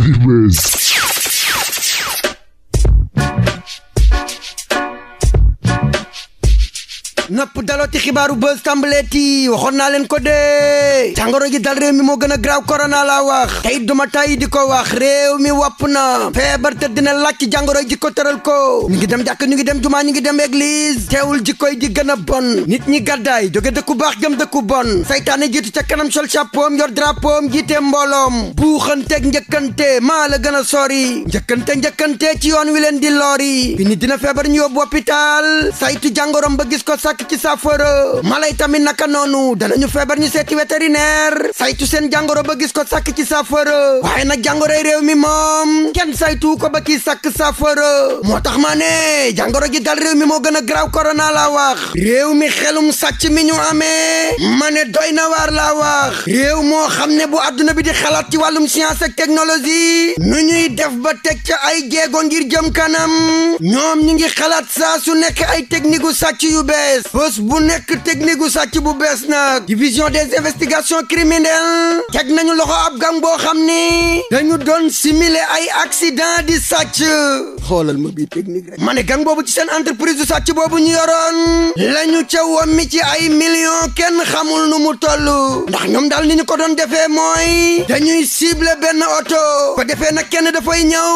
Heavy Mess. napp daloti xibaaru buzz tàmbaleeti waxoon naa leen ko dee jàngoro ji dal réew mi moo gën a graaw korona laa wax tey duma tàyyi di ko wax réew mi wopp na feebar te dina làcc jàngoro ji ko tëral ko ñu ngi dem jàkk ñu ngi dem jumaa ñu ngi dem église teewul jikkoy di gën a bon nit ñi gàddaay jóge dëkku baax jëm dëkku bon saytaane jiitu ca kanam sol chapeau yor drapeau jiite mbooloom buuxanteeg njëkkante maa la gën a sori njëkkante njëkkante ci yoon wi leen di lori bi feebar ñu yóbbu hôpital saytu jàngoroom ba gis ko sàkk ci saafara mala yi tamit naka noonu danañu feebar ñu seeti vétérinaire saytu seen jàngoro ba gis ko sàkk ci saafara waaye nag jàngoroy réew mi moom kenn saytu ko ba kii sàkk saafara moo tax maa ne jàngoro ji dal réew mi moo gën a graaw corona laa wax réew mi xelum sàcc mi ñu amee ma ne doy na waar laa wax réew moo xam ne bu àdduna bi di xalaat ci wàllum science ak technologie nu ñuy def ba teg ca ay jéego ngir jëm kanam ñoom ñu ngi xalaat saa su nekk ay technique u sàcc yu bees bés bu nekk technique gu sacc bu bees nag division des investigations criminelles teg nañu loxo ab gang boo xam ni dañu doon simile ay accident di sàcc xoolal ma bii technique rek ma ne gang boobu ci seen entreprise du sàcc boobu ñu yoroon lañu ca wammi ci ay millions kenn xamul nu mu toll ndax ñoom daal ni ñu ko doon defee mooy dañuy cibler benn oto ko defee nag kenn dafay ñëw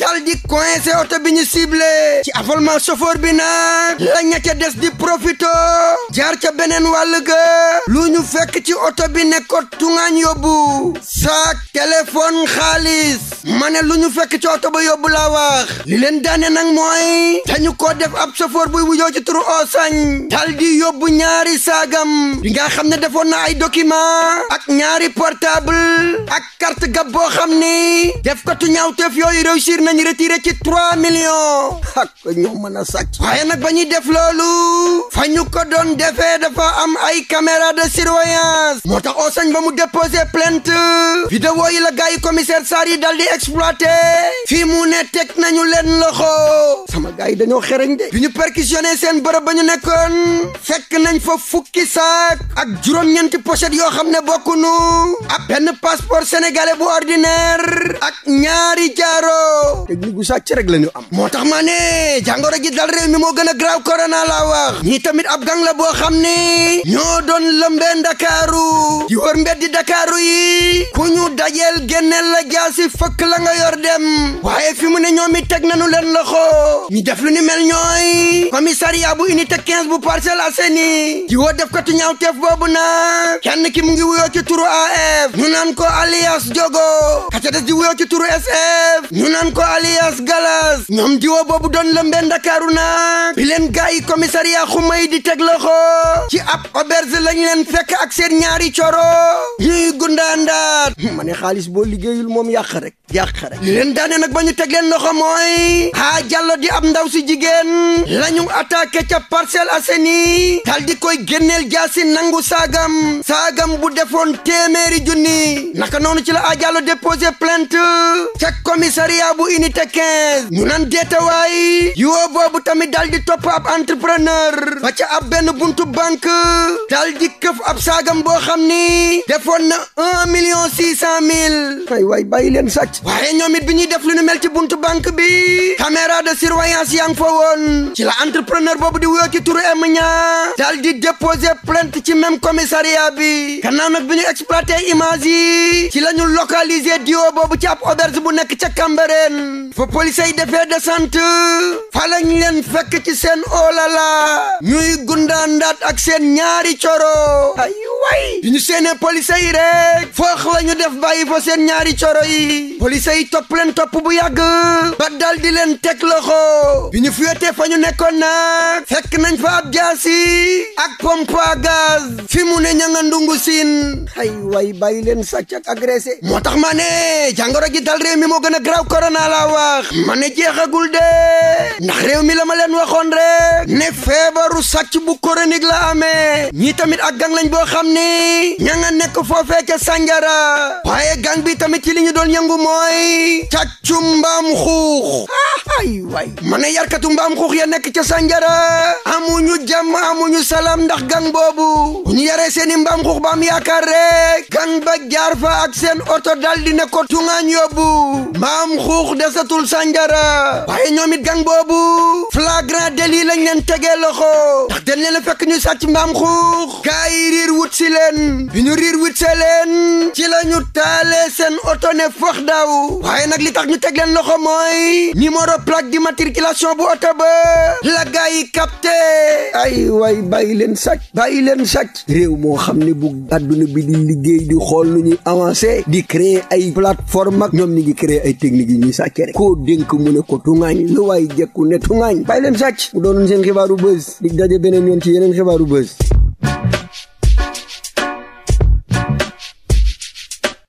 dal di coincer oto bi ñu ciblé ci avalement chauffeur bi nag la ña ca des di profit oto jaar ca beneen wàll ga lu ñu fekk ci oto bi ne ko tuŋaañ yóbbu saak téléphone xaalis ma ne lu ñu fekk ci oto ba yóbbu la wax li leen daane nag mooy dañu ko def ab chauffeur buy wujoo ci turu Osañ dal di yóbbu ñaari saagam li nga xam ne defoon na ay document ak ñaari portable ak carte gab boo xam ni def ko tu ñaawteef yooyu réussir nañ retiré ci trois millions ak ñoo mën a sàcc waaye nag ba ñuy def loolu fa ñu ko doon defee dafa am ay caméra de surveillance moo tax Ousseyn ba mu déposé plainte vidéo yi la gars yi commissaire Sarr yi dal di exploité fii mu ne teg nañu leen loxo sama gars yi dañoo xereñ de bi ñu perquisitionné seen bërëb ba ñu nekkoon fekk nañ fa fukki saak ak juróom-ñeenti pochette yoo xam ne bokkuñu ak benn passeport sénégalais bu ordinaire ak ñaari jaaro technique gu sàcc rek la ñu am moo tax ma ne jàngoro ji dal réew mi moo gën a grave corona laa wax ñii tamit ab gang boo xam ne ñoo doon lëmbee ndakaaru di wër mbeddi ndakaaru yi ku ñu dajeel génneel la jaasi fëkk la nga yor dem waaye fi mu ne ñoom it teg nañu leen loxo ñi def lu ni mel ñooy commissariat bu unité 15 bu Parcelles Assainies di woo def katu ñaaw teef boobu nag kenn ki mu ngi wuyoo ci turu ñu naan ko alias Jogo ka des di wuyoo ci turu SF ñu naan ko alias Galas ñoom jiwo boobu doon lëmbee Ndakaaru nag bi leen gars yi commissariat xumay di teg loxo ci ab auberge lañ leen fekk ak seen ñaari coro ñuy gundaandaa xalaat ma ne xaalis boo liggéeyul moom yàq rek yàq rek li leen nag ba ñu teg leen loxo mooy xaa jàllo di ab ndaw si jigéen la ñu attaqué ca Parcelles Assainies dal di koy génneel jaasi nangu saagam saagam bu defoon téeméeri junni naka noonu ci la a jàllo déposé plainte ca commissariat bu unité 15 ñu nan deetawaay yoo boobu tamit dal di topp ab entrepreneur ba ca ab benn bunt banque dal di këf ab saagam boo xam ni defoon na un million six cent mille ay waay bàyyi leen waaye ñoom bi ñuy def lu ñu mel ci buntu bi caméra de surveillance yaa ngi fa woon ci la entrepreneur boobu di wuyoo ci turu M ñaa daal di déposer plainte ci même commissariat bi gannaaw nag bi ñu exploité image yi ci la ñu localiser dio boobu ci ab auberge bu nekk ca Cambérène fa police yi defee descente fa lañ leen fekk ci seen olala oh ñuy gundaandaat ak seen ñaari coro ay way bi ñu seenee police yi rek foox la ñu def bàyyi fa seen ñaari coro yi police topp leen topp bu yàgg ba dal leen teg loxo bi ñu fiyotee fa ñu nekkoon nag fekk nañ fa ab jaasi ak pompe à gaz fi mu ne ña nga ay way bàyyi leen sàcc ak agressé moo tax ma ne jàngoro ji dal réew mi moo gën a graw korona laa wax ma ne jeexagul de ndax réew mi la ma leen waxoon rek ne feebaru sàcc bu chronique la amee ñii tamit ak gang lañ boo xam ni ña nga nekk foofee ca sànjara waaye gang bi tamit ci li ñu doon yëngu mooy càccu mbaam xuux ay waay ma ne yarkatu mbaam xuux ya nekk ca sànjara amuñu jàmm amuñu salaam ndax gang boobu bu ñu yaree seeni mbaam xuux ba am yaakaar rek gang ba jaar fa ak seen oto dal ne ko tuŋaañ yóbbu mbaam xuux desatul sànjara waaye ñoom gang boobu flagrant délit leen tegee loxo dañ leen a fekk ñu sàcc mbaam xuux gaa yi riir wut si ñu riir wut see leen ci la ñu taalee seen oto ne fox daw waaye nag li tax ñu teg leen loxo mooy numéro plaque d'immatriculation bu oto ba la gaa yi capté ay waay bàyyi leen sàcc bàyyi leen sàcc réew moo xam ne bu adduna bi di liggéey di xool nu ñuy avancé di créer ay plateforme ak ñoom ñi ngi créer ay techniques yi ñuy sàcc rek koo dénk mu ne ko tungaañ lu waay jekku ne tungaañ bàyyi leen sàcc mu doonoon seen xibaaru bës leen yoon ci yeneen xibaaru